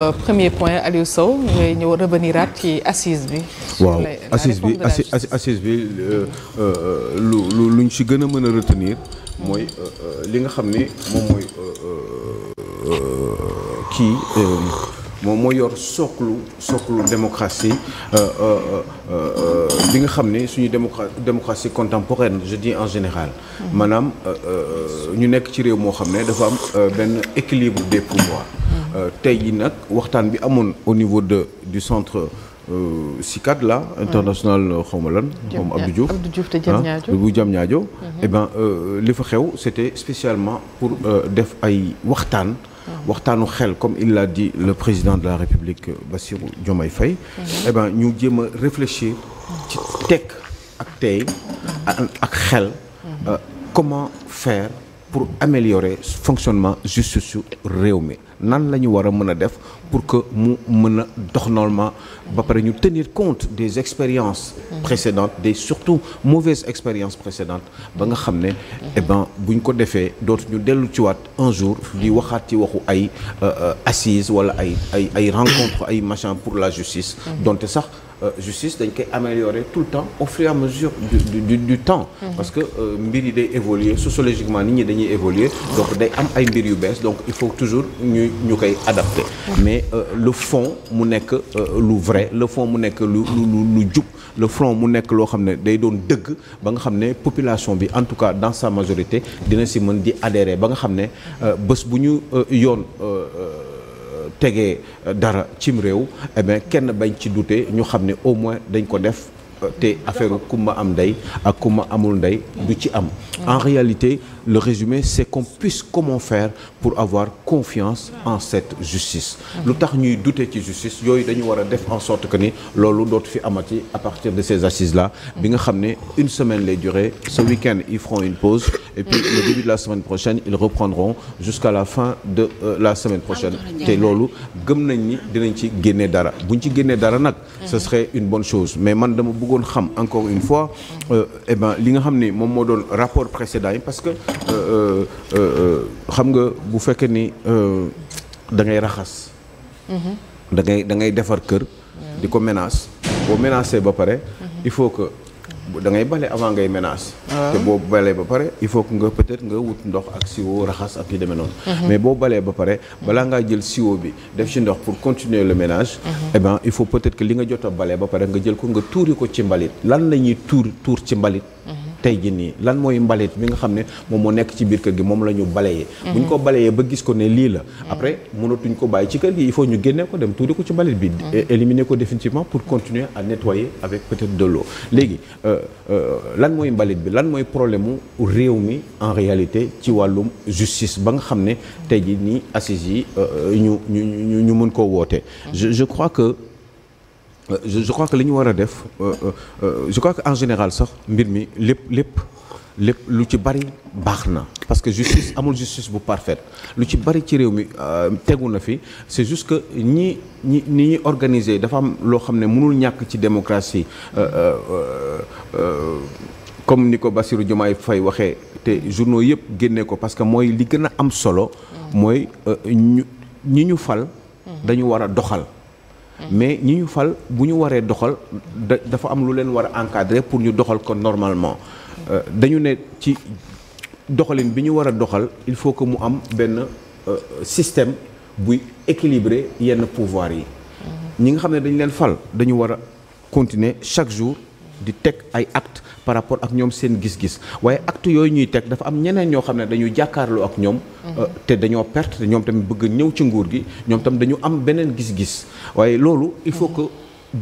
Euh, premier point Aliou Sow ngay ñëw reveniraat ci assise bi. waaw assise bi assise euh, bi euh, lu lu luñ ci gën a mën a retenir mooy li nga xam ni moom mooy kii moom mooy yor sooklu sooklu démocratie bi nga xam ni suñu démocra démocratie contemporaine je dis en général. Mm-hmm. maanaam ñu nekk ci réew moo xam ne dafa am benn équilibre des pouvoirs. Euh, tey jii nag waxtaan bi amoon au niveau de du centre CICAD euh, là. international euh, xaw ma lan. xaw ma Abdou Diouf Abdou Diouf te Diamniadio mhm. eh bu li fa xew c'était spécialement pour def ay waxtaan. Mhm. waxtaanu xel comme il l'a di le président de la République Bassirou Diomaye Faye. Mhm. eh bien ñu jéem a réfléchir ci tekk ak tey ak xel. comment faire. pour améliorer fonctionnement justice su réew mi nan la ñu war a mën a def pour que mu mën a dox normalement ba pare ñu tenir compte des expériences mm. précédentes des surtout mauvaises expériences précédentes ba nga xam ne mm. eh ben bu ñu ko defee dootu ñu dellu ci waat un jour di mm. waxaat ci waxu ay euh, euh, assises wala ay ay ay rencontre ay machin pour la justice donte sax Euh, justice dañ koy améliorer tout le temps au fur et à mesure du temps. Mm-hmm. parce que euh, mbir yi day évoluer sociologiquement nit ñi dañuy évoluer donc day am ay mbir yu bees donc il faut toujours ñu ñu koy adapter. Mm-hmm. mais euh, le fond mu nekk lu vrai le fond mu nekk lu lu lu jub le front mu nekk loo xam ne day doon dëgg ba nga xam ne population bi en tout cas dans sa majorité dina si mën di adhérer ba nga xam ne bés bu ñu yoon. tegee euh, dara cim réew eh kenn bañ ci dute ñu xam ne au moins dañ ko def euh, te affaire kumba am ndey ak kumba amul ndey du ci am en réalité le résumé c'est qu'on puisse comment faire pour avoir confiance en cette justice lu tax ñuy douter ci justice yooyu dañu war a def en sorte que ni loolu dootu fi amati à partir de ces assises là bi nga xam ne une semaine lay durer ce week-end ils feront une pause et puis le début de la semaine prochaine ils reprendront jusqu'à la fin de euh, la semaine prochaine te loolu gëm nañ ni dinañ ci génnee dara buñ ci génnee dara nag ce serait une bonne chose mais man dama bëggoon xam encore une fois euh, eh li nga xam ne moom moo doon rapport précédent Euh, euh, euh, xam nga bu fekkee ni da ngay raxas. Mm-hmm. dangay da ngay defar kër. Mm-hmm. di ko ménage boo ménagé ba pare. Mm-hmm. il faut que da ngay bale avant ngay ménage ah. te boo balee ba pare il faut que nga peut-être nga wut ndox ak siwo raxas ak yu demee noonu. mais boo balee ba pare balaa ngaa jël siwo bi def ci ndox pour continuer le ménage. eh ben il faut peut-être que li nga jot balee ba pare nga jël ko nga tuuri ko ci mbalit lan la ñuy tuur tuur ci mbalit. tey ji nii lan mooy mbalit mi nga xam ne moom moo nekk ci biir kër gi moom la ñu balayee mhm. bu ñu ko balayee ba gis ko ne lii la mhm. après mënatuñ ko bàyyi ci kër gi il faut ñu génnee ko dem tuuti ko ci mbalit bi mhm. éliminer ko définitivement pour continuer à nettoyer avec peut-être de l'eau léegi euh, euh, lan mooy mbalit bi lan mooy problème mu réew mi en réalité ci wàllum justice ba nga xam ne tey ji nii assises yi euh, ñu ñu ñu mën koo woote je Euh, je je crois que li ñu war a def euh, euh, je crois que en général sax mbir mi lépp lépp lépp lu ci bari baax na. parce que justice amul justice bu parfaite lu ci bari ci réew mi tegu na fi c'est juste que ñii ñi ni ñuy organiser dafa am loo xam ne mënul ñàkk ci démocratie comme ni ko Bassirou Diomaye fay waxee te journaux yëpp génne ko parce que mooy li gën a am solo. mooy ñu ñi ñu fal. Mhm. dañu war a doxal. mais ñi ñu fal bu ñu waree doxal dafa am lu leen war a encadrer pour ñu doxal ko normalement euh, dañu ne ci doxalin bi ñu war a doxal il faut que mu am benn euh, système buy équilibrer yenn pouvoir yi mm-hmm. ñi nga xam ne dañu leen fal dañu war a continuer chaque jour di teg ay acte par rapport ak ñoom seen gis-gis waaye acte yooyu ñuy teg dafa am ñeneen ñoo xam ne dañuy jàkkaarloo ak ñoom mhm. euh, te dañoo perte ñoom tamit bëgg ñëw ci nguur gi ñoom tamit dañu am beneen gis-gis waaye loolu il faut que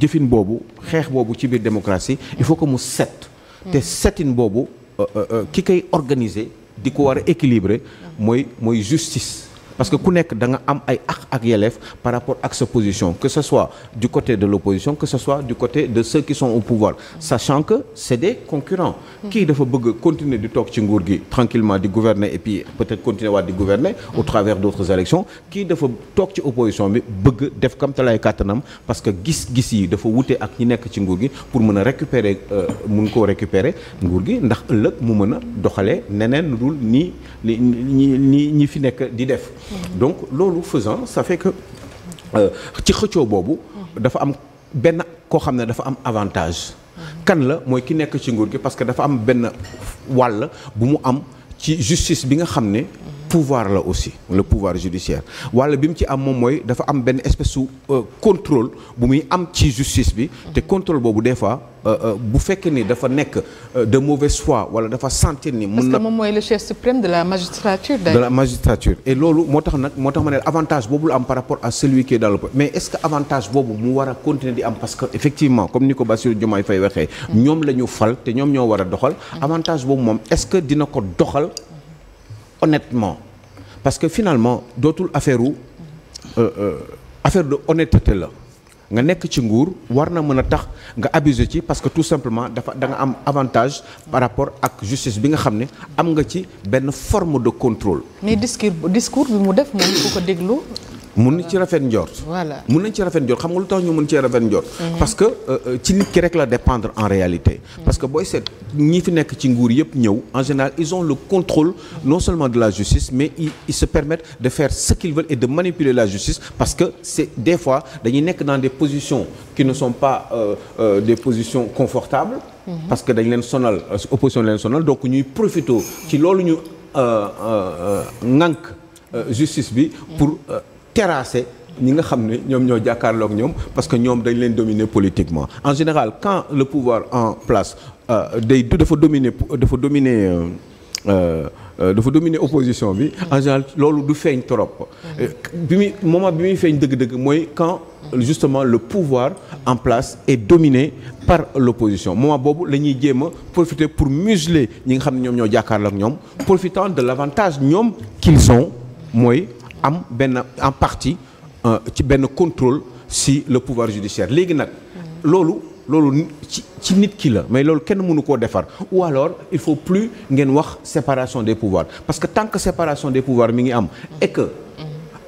jëfin boobu xeex boobu ci biir démocratie il faut que mu set mhm. te setin boobu euh, euh, ki koy organiser di ko war a équilibrer mhm. mooy mooy justice parce que ku nekk danga am ay aq ak yelleef par rapport ak sa position que ce soit du côté de l'opposition que ce soit du côté de ceux qui sont au pouvoir sachant que c'est des concurrents kii dafa bëgg continuer di toog ci nguur gi tranquillement di gouverner et puis peut-être continuer waat di gouverner au travers d'autres élections kii dafa toog ci opposition bi bëgg def kam talaay kàttanam parce que gis-gis yi dafa wute ak ñi nekk ci nguur gi pour mën a récupérer euh, mun koo récupérer nguur gi ndax ëllëg mu mën a doxalee neneen lu dul nii li ñi ñi ñi fi nekk di def donc loolu faisant ça fait euh, ci xëccoo boobu dafa am benn koo xam ne dafa am avantage kan la mooy ki nekk ci nguur gi parce que dafa am benn wàll bu mu am ci justice bi nga xam ne pouvoir la aussi le pouvoir judiciaire wala bi mu ci am moom mooy dafa am benn espèce su euh, bu muy am ci justice bi te contrôle boobu des fois euh, euh, bu fekkee ni dafa nekk de mauvaise foi wala dafa sentir ni mun na parce moom mooy le chef suprême de la magistrature de la magistrature et loolu moo tax nag moo tax ma ne avantage boobu la am par rapport à celui qui est dans le mais est-ce que avantage boobu mu war a continuer di am parce que effectivement ni ko Bassirou Diomaye la ñu fal te ñoom ñoo war a doxal avantage boobu moom est-ce dina ko doxal honnêtement parce que finalement dootul affaire u euh, euh, affaire de honnêteté la nga nekk ci nguur war na mën a tax nga abuser ci parce que tout simplement dafa danga am avantage par rapport ak justice bi nga xam ne am nga ci benn forme de contrôle mais discours discours bi mu def moom ku ko déglu mun nañ ci rafet njort. voilà mun nañ ci rafet njort xam nga lu tax ñu mun cee rafet njort. Mm-hmm. parce que euh, euh, ci nit ki rek la dépendre en réalité. Mm-hmm. parce que booy seet ñi fi nekk ci nguur yëpp ñëw en général ils ont le contrôle mm-hmm. non seulement de la justice mais ils, ils se permettent de faire ce qu'ils veulent et de manipuler la justice parce que c'est des fois dañuy nekk dans des positions qui ne sont pas euh, euh, des positions confortables. parce que dañ leen sonal euh, opposition leen sonal donc ñuy profité ci loolu ñu ŋànk bi pour. terrasser ñi nga xam ne ñoom ñoo jàkkaarlook ñoom parce que ñoom dañ leen dominer politiquement en général quand le pouvoir en place euh, day du dafa dominer euh, dafa dominer euh, dafa dominer opposition bi mm. en général loolu du feeñ trop mm. bi muy moment bi muy feeñ dëgg-dëgg mooy quand justement le pouvoir en place est dominé par l'opposition moment boobu la ñuy jéem a profiter pour museler ñi nga xam ne ñoom ñoo jàkkaarloog ñoom profitant de l'avantage ñoom qu'ils ont mooy am benn en partie euh, ci benn contrôle si le pouvoir judiciaire léegi nag loolu loolu ci ci nit kii la mais loolu kenn mënu koo defar ou alors il faut plus ngeen wax séparation des pouvoirs parce que tant que séparation des pouvoirs mi ngi am et que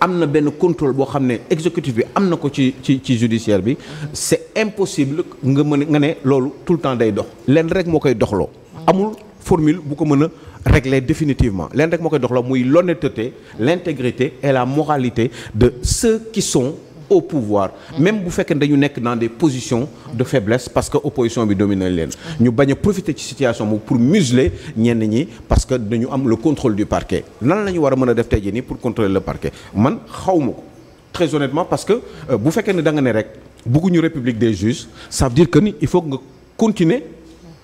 am na benn contrôle boo xam ne exécutif bi am na ko ci ci ci judiciaire bi c'est impossible nga mën nga ne loolu tout le temps day dox lenn rek moo koy doxloo amul formule bu ko mën a régler définitivement leen rek moo koy doxaloo muy l'honnêteté l'intégrité et la moralité de ceux qui sont au pouvoir même bu fekkee dañu nekk dans des position de faiblesse parce que opposition bi domine leen ñu bañ a profiter ci situation boobu pour museler ñenn ñi parce que dañu am le contrôle du parquet lan la ñu war mën a def tey jii nii pour contrôler le parquet man xaw ma ko très honnêtement parce que euh, bu fekkee ne danga ne rek bëgguñu république des juges ça veut que ni il faut nga continuer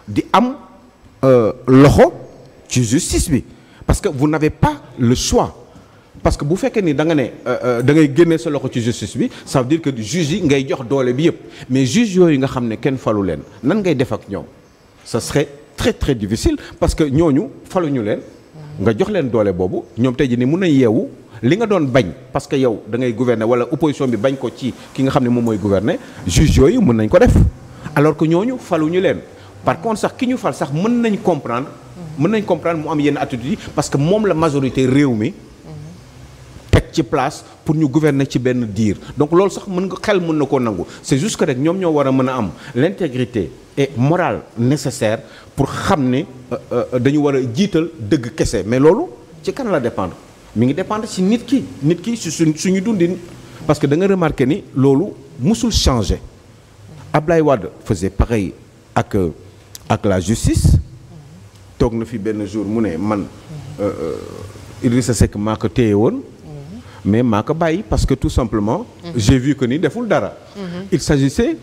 di am euh, loxo ci justice bi parce que vous n'avez pas le choix parce que bu fekkee ni da nga ne euh, euh, da ngay génne sa loxo ci justice bi ça veut dire que juge yi ngay jox doole bi yëpp mais juge yooyu nga xam ne kenn falu leen nan ngay def ak ñoom ça serait très très difficile parce que ñooñu faluñu leen nga jox leen doole boobu ñoom tey ji ni mun nañ yeewu li nga doon bañ parce que yow da ngay gouverner wala opposition bi bañ ko ci ki nga xam ne moom mooy gouverner juge yooyu mën nañ ko def alors que ñooñu faluñu mën nañ comprendre mu am yenn attitude parce que moom la majorité réew mi teg ci place pour ñu gouverner ci benn diir donc loolu sax mën nga xel mën na koo nangu c'est juste que rek ñoom ñoo war a mën a am l'intégrité et morale nécessaire pour xam ne euh, euh, dañu war a jiital dëgg kese mais loolu ci kan la dépendre mi ngi dépendre ci nit ki nit ki su suñu dundin parce que da nga remarqué ni loolu musul changer Ablaye Wade faisait pareil ak euh, ak la justice toog na fi benn jour mu ne man euh, euh, Idrissa Seck maa ko téye woon mais maa ko bàyyi parce que tout simplement. j'ai vu que ni deful dara. il s'agissait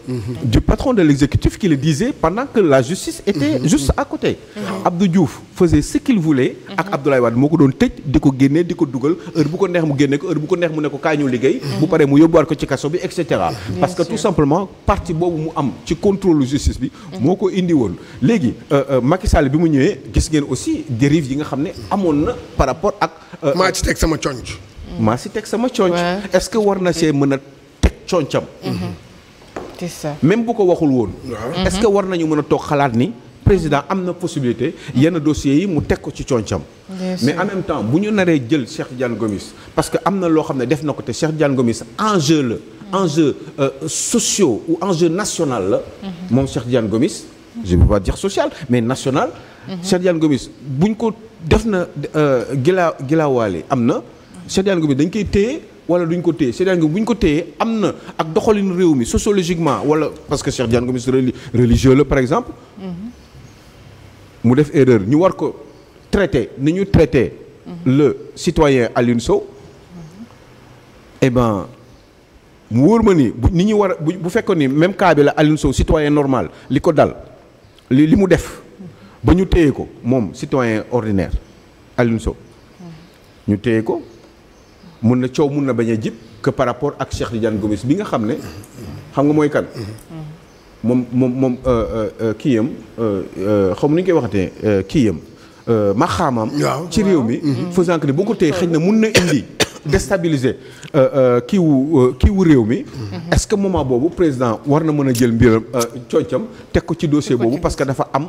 du patron de l'exécutif qui le disait pendant que la justice était juste à côté. Abdou Diouf faisait ce qu'il voulait. ak Abdoulaye Wade moo ko doon tëj di ko génne di ko dugal heure bu ko neex mu génne ko heure bu ko neex mu ne ko kaa ñu liggéey. bu paree mu yóbbuwaat ko ci kaso bi et cetera. parce que tout simplement parti boobu mu am ci contrôle justice bi. moo ko indi woon léegi euh, euh, Macky Sall bi mu ñëwee gis ngeen aussi dérive yi nga xam ne amoon na par rapport ak. Euh, maa ci sama conc Mm. maa si teg sama conc est-ce que war na see mën a teg concam mm-hmm. c'est ça même bu ko waxul woon est-ce que war nañu mën a toog xalaat ni président am na possibilité yenn dossiers yi mu teg ko ci concam mais en même temps bu ñu naree jël Cheikh Diane Gomis parce que am na loo xam ne def na ko te Cheikh Diane Gomis enjeu la enjeu euh, sociaux ou enjeu national la mm-hmm. moom Cheikh Diane Gomis je ne veux pas social mais national mm-hmm. Cheikh Diane Gomis buñ ko def na euh, gila gilawaale am na seddaan bi dañ koy téye wala duñ ko téye seddaan bi bu ñu ko téye am na ak doxalin réew mi sociologiquement wala parce que Cheikh Diagne Gomis religieux la par exemple. Mm-hmm. mu def erreur ñu war ko traité ni ñu traité. Mm-hmm. le citoyen Alioune Sow. Mm-hmm. eh ben wóor ma ni bu ni ñu war a bu fekkoon ni même cas bi la Alioune Sow citoyen normal li ko dal li li mu def ba ñu téye ko moom citoyen ordinaire Alioune Sow. ñu téye ko mun na coow mun na bañ a jib que par rapport ak Cheikh Tidiane Gomis bi nga xam ne xam nga mooy kan moom moom moom euh, euh, euh, kii yam xaw ma nu ñu koy waxatee kii yam maxaamaam ci réew mi faisant que ni bu ko téye xëy na mun na indi déstabiliser kii wu kii réew mi mhm. est-ce que moment boobu président war na mën a jël mbiram coocam teg ko ci dossier boobu parce que dafa am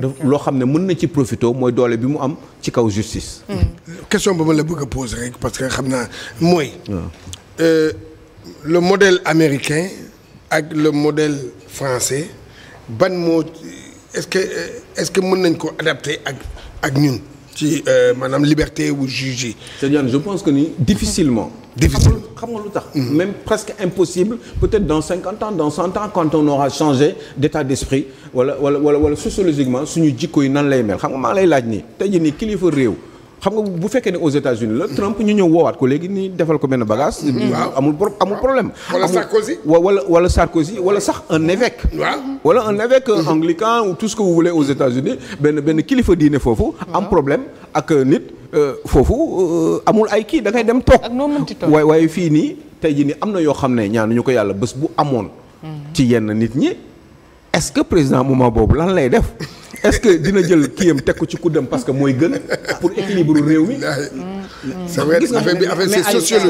loo xam ne mën na ci profité mooy doole bi mu am ci kaw justice. Hmm. question ba ma la bëgg a poser rek parce que xam naa mooy. Ah. Euh, le modèle américain ak le modèle français ban moo est-ce que euh, est-ce que mën nañ ko adapter ak ak ñun. ci euh, maanaam liberté wu juge yi. je pense que ni difficilement. difficile xam nga lu tax. même presque impossible peut-être dans cinquante ans dans cent ans quand on aura changé d'état d'esprit wala wala wala sociologiquement suñu jikko yi nan lay mel xam nga maa lay laaj nii tey jii nii kilifa réew. xam nga bu fekkee ne aux États-Unis la. Trump ñu ñëw woowaat ko léegi nii defal ko benn bagage. Mm-hmm. Mm-hmm. amul amul problème. wala Sarkozy wala wala Sarkozy wala sax un évêque. waaw wala un évêque mm-hmm. anglican ou tout ce ko vous voulez aux États-Unis benn benn kilifa diine foofu. am problème ak nit euh, foofu euh, amul ay kii dangay dem toog. ak noo mënti toog waaye waaye fii nii tey jii nii am na yoo xam ne ñaanuñu ko yàlla bés bu amoon. ci yenn nit ñi. est-ce que président moment boobu lan lay def est-ce que dina jël kiyam teg ko ci kuddam parce que mooy gën pour équilibre réew mi. ça va être affaire bi affaire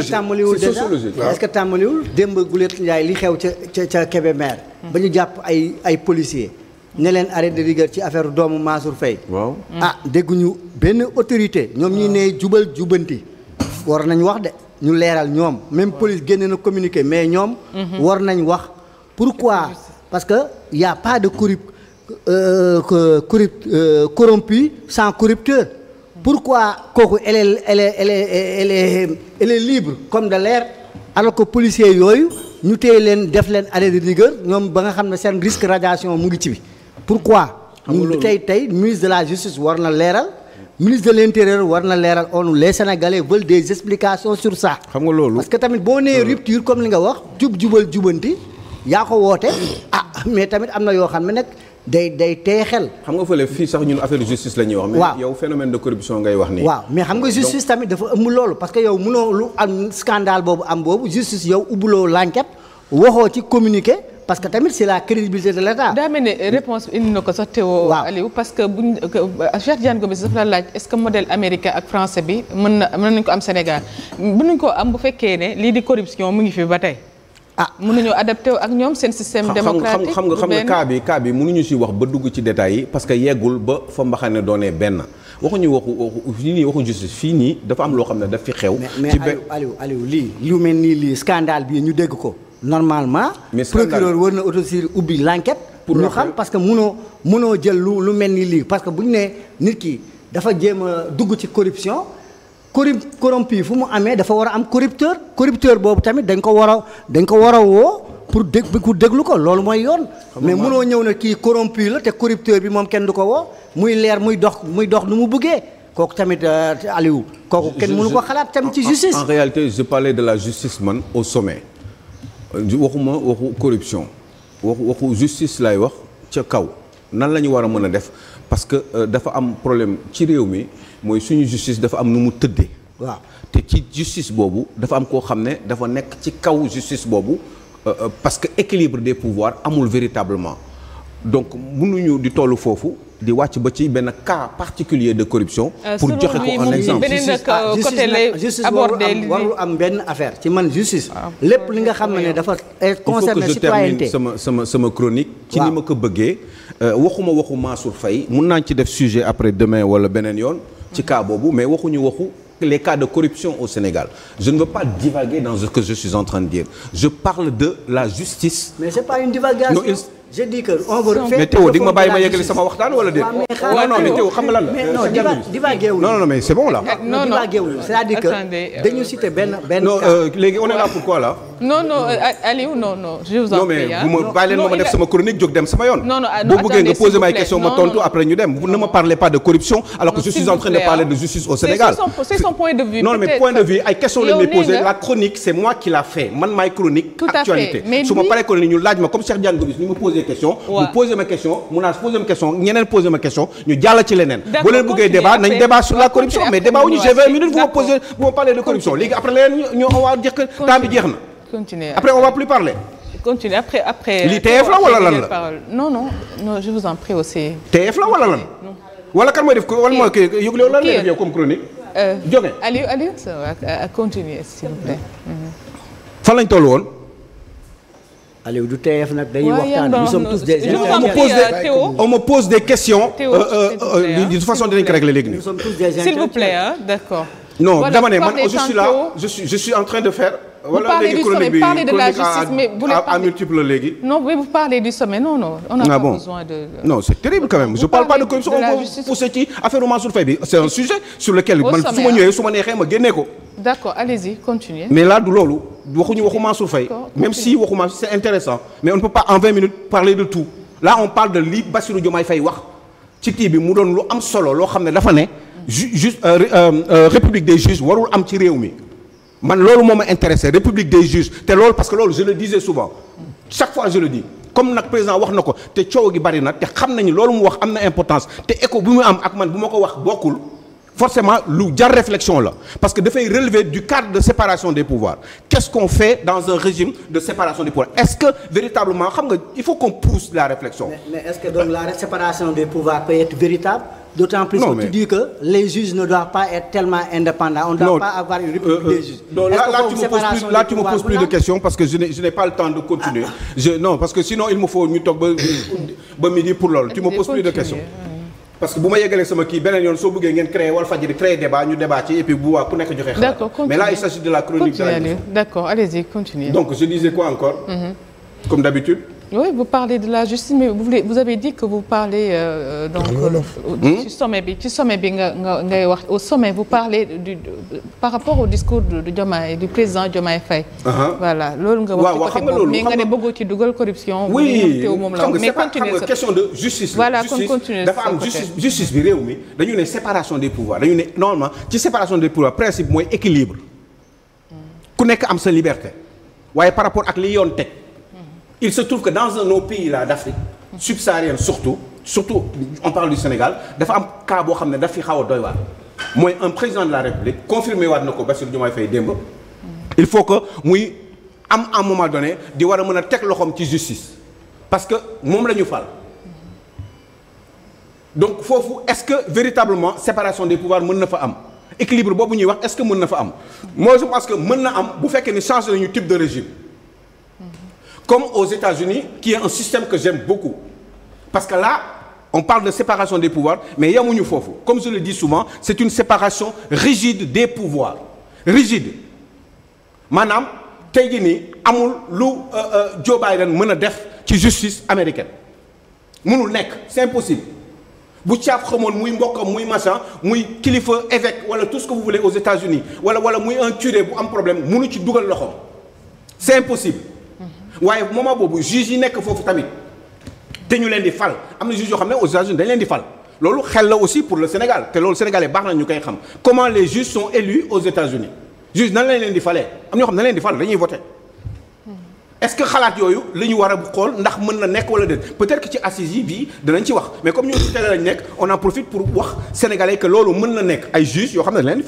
que tàmbaliwul démb Goulet Ndiaye li xew ca ca ca Kébémer ba ñu jàpp ay ay policiers. ne leen arrêt de rigueur ci affaire doomu Mansour Faye waaw ah dégguñu benn autorité ñoom ñi ne jubal jubanti war nañ wax de ñu leeral ñoom même police génnee na communiqué mais ñoom mhm. war nañ wax pourquoi parce que y pas de corrupt euh, corrupt euh, corrompu sans corrupteur pourquoi kooku elle est elle est elle est elle est elle libre comme de l'air alors que policiers yooyu ñu téye leen def leen année de rigueur ñoom ba nga xam ne seen risque radiation mu ngi ci bi pourquoi lu tey tey ministre de la justice war na leeral ministre de l'intérieur war na leeral onu les sénégalais veulent des explications sur ça xam loolu parce que tamit boo nee euh. rupture comme li nga wax jub jubal jubanti yaa ko woote ah mais tamit am na yoo xam ne nag day day teye xel. xam nga fële fii sax ñun affaire justice la ñuy wax. waaw mais yow phénomène de corruption ngay wax nii. waaw mais xam nga justice tamit dafa ëmb loolu parce que yow mënoo lu am scandale boobu am boobu justice yow ubbuloo l'enquête waxoo ci communiqué. parce que tamit c'est la crédibilité de l'État. daa mel ne réponse indi na ko sax Théo Aliou parce que buñ euh, Cheikh Diagne Gomis dafa la laaj est-ce que modèle américain ak français bi mën na mën nañ ko am Sénégal mën nañ ko am bu fekkee ne lii di corruption mu ngi fi ba tey. ah mënuñu adapté ak ñoom seen système démocratique xam nga xam nga cas bi cas bi mënuñu si wax ba dugg ci détails yi parce que yeggul ba fa mbaxane doonee benn waxuñu waxu waxu fii nii waxu justice fii nii dafa am loo xam ne daf fi xew. ci benn mais Aliou lii. lu mel nii lii scandale bii ñu dégg ko normalement. mais procureur war na auto autorisé ubbi l'enquête pour xam parce que munoo mënoo jël lu lu mel ni lii parce que bu ñu nee nit ki dafa jéem a dugg ci corruption. corru corrompu fu mu amee dafa a am corrupteur corrupteur boobu tamit dañ ko war dañ ko war woo pour dég pour déglu ko loolu mooy yoon. mais mënoo ñëw ne kii corrompu la te corrupteur bi moom kenn du ko woo muy leer muy dox muy dox nu mu bëggee kooku tamit euh, Aliou. kooku kenn mënu ko xalaat tamit ci justice. en réalité je de la justice man au sommet euh, waxuma waxu corruption waxu waxu justice lay wax ca kaw nan la ñu war a mën a def parce que euh, dafa am problème ci réew mi. mooy suñu justice dafa am nu mu tëddee. waaw te ci justice boobu dafa am koo xam ne dafa nekk ci kaw justice boobu euh, euh, parce que équilibre des pouvoirs amul véritablement donc mënuñu di toll foofu. di wàcc ba ci benn cas particulier de corruption. Euh, pour joxe ko un exemple justice beneen ah, warul am benn affaire ci man justice. Ah. lépp li nga xam ne dafa. concerne citoyenneté il faut sama sama sama chronique. ci ni ma ko bëggee waxuma waxu Mansour Faye mun naa ci def sujet après demain wala beneen yoon. ci cas boobu mais waxuñu waxu les cas de corruption au Sénégal je ne veux pas divaguer dans ce que je suis en train de dire je parle de la justice. mais c'est pas une divagation. je dis que on veut faire mais ma bàyyi ma yeggali sama waxtaan xam nga la. mais non euh, divaguewul non non mais c'est bon là. Ah, non non divaguewul c'est-à-dire que euh, dañu citer benn benn. non euh, léegi on est là pourquoi là. Euh, non mais bu ma bàyyi leen ma ma chronique jóg dem sama yoon. non boo bëggee nga poser may question ma tontu après ñu dem ne ma parlez pas de corruption alors que je suis en train de parler de justice au Sénégal. non mais point de vue ay questions lañ may poser la chronique c'est moi qui l'a fait man maay chronique. actualité su ma paree chronique ñu laaj ma comme Cheikh Diagne Gomis ni ma ma question mu naan ma question ñeneen posé ma question ñu jàll ci leneen. continuez après on va plus parler. continuez après après. lii euh, TF la wala lan la non non non je vous en prie aussi. TF la wala lan. wala kan mooy def ko wala mooy kii yëg lan lay def yow comme chronique. Euh, jóge Aliou Aliou ça va continuer s'il vous plaît. Mhm. fan lañ toll woon. Aliou du TF nag dañuy waxtaan nous sommes tous des. Euh, on me pose des questions. de toute façon dinañ ko régler léegi nii. s'il vous plaît ah d'accord. non dama ne man je suis là je suis je suis en train de faire. wala léegi chronique bi parlez de la justice mais bu leen parler à multiple léegi. non mais vous parlez du sommet non non. on n'a ah pas besoin de. Euh, non c'est terrible quand ci affaire Mansour Faye bi c'est un sujet sur lequel man ma ñëwee su ma neexee ma génnee ko. mais là du loolu waxuñu waxu Mansour Faye même si waxu Mansour c'est intéressant mais on ne peut pas en vingt minutes parler de tout là on parle de li Bassirou Diomaye Faye wax ci kii bi mu doon lu am solo loo xam ne dafa ne. ju juste euh, euh, république des juges warul am ci réew mi. man loolu moo ma intéressé république des juges te lool parce que loolu je le disais souvent chaque fois je le dis comme nag président wax na ko te coow gi bari na te xam nañu loolu mu wax am na importance te écho bu mu am ak man bu ma ko wax bokkul forcément lu jar réflexion la parce que dafay relever du cadre de séparation des pouvoirs qu'est-ce qu'on fait dans un régime de séparation des pouvoirs est-ce que véritablement xam nga il faut qu'on pousse la réflexion. mais, la séparation des pouvoirs peut être D'autant plus non, que mais... que les juges ne doivent pas être tellement indépendants. On ne doit pas avoir une république euh, des euh, tu, me poses plus, de questions parce que je n'ai pas le temps de continuer. Ah. non, parce que sinon, il me faut ñu toog ba midi pour loolu. tu me poses plus de questions. parce que bu ma yeggalee sama kii beneen yoon soo bëggee ngeen créer Walfadjri créer débat ci et puis bu waa ku nekk joxe xalaat. mais là il s'agit de la chronique. de la oui vous parlez de la justice mais vous voulez vous avez dit que vous parlez. Euh, euh, donc ci euh, hmm? bi ci sommet bi nga nga ngay wax au sommet vous parlez du par rapport au discours du Diomaye du président Diomaye Faye. Ah ah. voilà loolu nga wax. waaw xam nga loolu nga ne bëggoo ci dugal corruption. oui xam nga c'est pas xam nga question de justice. voilà kon continuer dafa bi réew mi dañu ne séparation des pouvoirs dañu ne normalement ci séparation des pouvoirs principe mooy équilibre. Hmm. ku nekk am sa liberté waaye par rapport ak li yoon teg. il se trouve que dans nos pays là d'Afrique subsaharienne surtout surtout on parle du Sénégal dafa am cas boo xam ne daf fi xaw a doy waar mooy un président de la République confirmé waat na ko Bassirou Diomaye Faye démb il faut que muy am à un moment donné di war a mën a teg loxoom ci justice parce que moom la ñu fal donc foofu est-ce que véritablement séparation des pouvoirs mën na fa am équilibre boobu ñuy wax est-ce que mën na fa am moo je pense que mën na am bu fekkee ni changé nañu type de régime Comme aux États-Unis, qui est un système que j'aime beaucoup. Parce que là, on parle de séparation des pouvoirs, mais yamuñu foofu. Comme je le dis souvent, c'est une séparation rigide des pouvoirs. Rigide. maanaam tey jii nii amul lu euh, euh, Joe Biden mën a def ci justice américaine mënul nekk c'est impossible bu caaf xamoon muy mbokkam muy machin muy kilifa évêque wala tout ce que vous voulez aux États-Unis wala wala muy un curé bu am problème mënu ci dugal loxoom c'est waaye moment boobu juge yi nekk foofu tamit dañu leen di fal am na juge yoo xam ne aux États-Unis dañ leen di loolu xel la aussi pour le Sénégal te loolu sénégalais baax na ñu koy xam comment les juges sont élus aux États-Unis leen di falee am ñoo xam ne leen di fal dañuy voté hmm. est-ce que xalaat yooyu la ñu war a xool ndax mën na nekk wala déet peut-être que ci assises yi bii danañ ci wax mais comme ñoo ci teel nekk on en profite pour wax sénégalais que loolu mën na nekk ay juges yoo xam ne leen di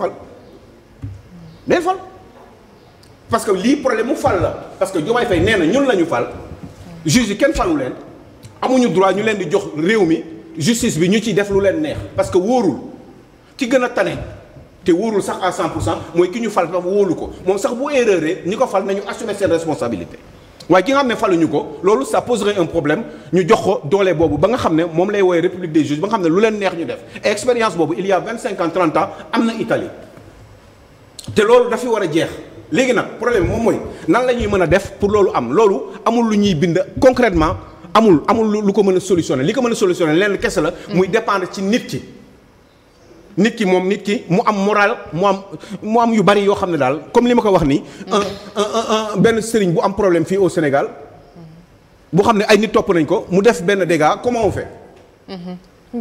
parce que lii problème mu fal la parce que Diomaye fay nee na ñun la fal juge yi kenn falu leen amuñu droit ñu leen di jox réew mi justice bi ñu ciy def lu leen neex parce que wóorul ki gën a tane te wóorul sax à 100 pour cent mooy ki ñu fal sax wóolu ko moom sax bu erreuree ñi ko fal nañu assumer seen responsabilité waaye ki nga xam ne faluñu ko loolu ça poserait un problème ñu jox ko doole boobu ba nga xam ne moom lay woowee république des juges ba nga ne lu leen neex ñu def et expérience boobu il y a 25 ans te loolu dafi war a jeex léegi nag problème moom mooy nan la ñuy mën a def pour loolu am loolu amul lu ñuy bind concrètement amul amul lu ko mën a solutionné li ko mën a solutionné lenn kese la. Mm. muy dépendre ci nit ki. nit ki moom nit ki mu am moral mu am mu am yu bari yoo xam ne daal comme li ma ko wax nii. Mm. benn sëriñ bu am problème fii au Sénégal. Mm. boo xam ne ay nit topp nañ ko mu def benn dégât comment on fait. Mm-hmm.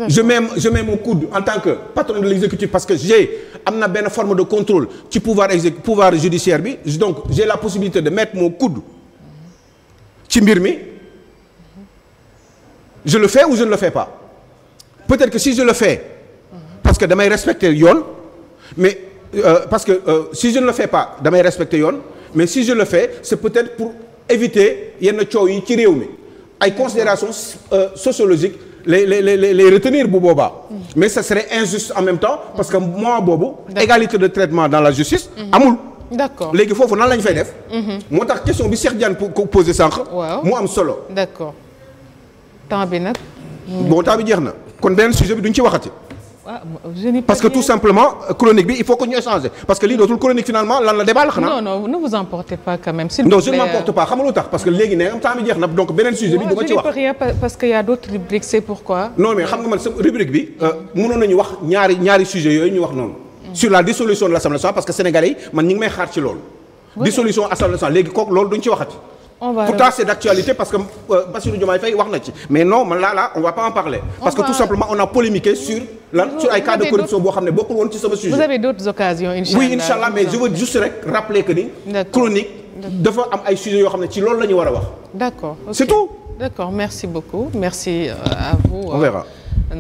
je mets je mets mon coude en tant que patron de l'exécutif parce que j'ai am na benn forme de contrôle ci pouvoir exé pouvoir judiciaire bi donc j'ai la possibilité de mettre mon coude ci mbir mi je le fais ou je ne le fais pas peut-être que si je le fais parce que damay respecter yoon mais euh, parce que euh, si je ne le fais pas damay respecter yoon mais si je le fais c'est peut-être pour éviter yenn coow yi ci réew mi ay considération euh, les les les les retenir bu booba mais ce serait injuste en même temps parce que moi boobu. égalité de traitement dans la justice. Mhm. amul. d'accord léegi foofu nan la ñu fay def. Mhm. moo tax question bi Cheikh Diagne ko posé sànq. waaw mu am solo. d'accord temps bi nag. bon temps bi jeex na kon beneen sujet bi duñ ci waxati. Ah, parce que tout simplement euh, chronique bi il faut que ñu échanger parce que lii dootul chronique finalement lan la débat la xanaa. ne vous emportez pas quand même. s'il je ne euh, pas xam nga lu tax parce que léegi nee am temps bi jeex na beneen sujet bi. du ci wax parce que y a d'autres rubriques c'est pourquoi. non mais xam nga man rubrique bi euh, mënoon nañu wax ñaari ñaari sujets yooyu ñu wax noonu. sur la dissolution de l'Assemblée parce que on va pourtant c'est d'actualité parce que euh, Bassirou Diomaye Faye wax na ci mais non man là là on va pas en parler. parce que tout simplement on a polémiqué sur. lan sur ay cas de corruption boo xam ne bokkul woon ci sama sujet. vous avez d'autres occasions incha allah mais je veux juste rappeler que ni. chronique dafa am ay sujets yoo xam ne ci loolu la ñu war a wax. d'accord c'est tout. d'accord merci beaucoup merci euh, à vous. on verra. Euh,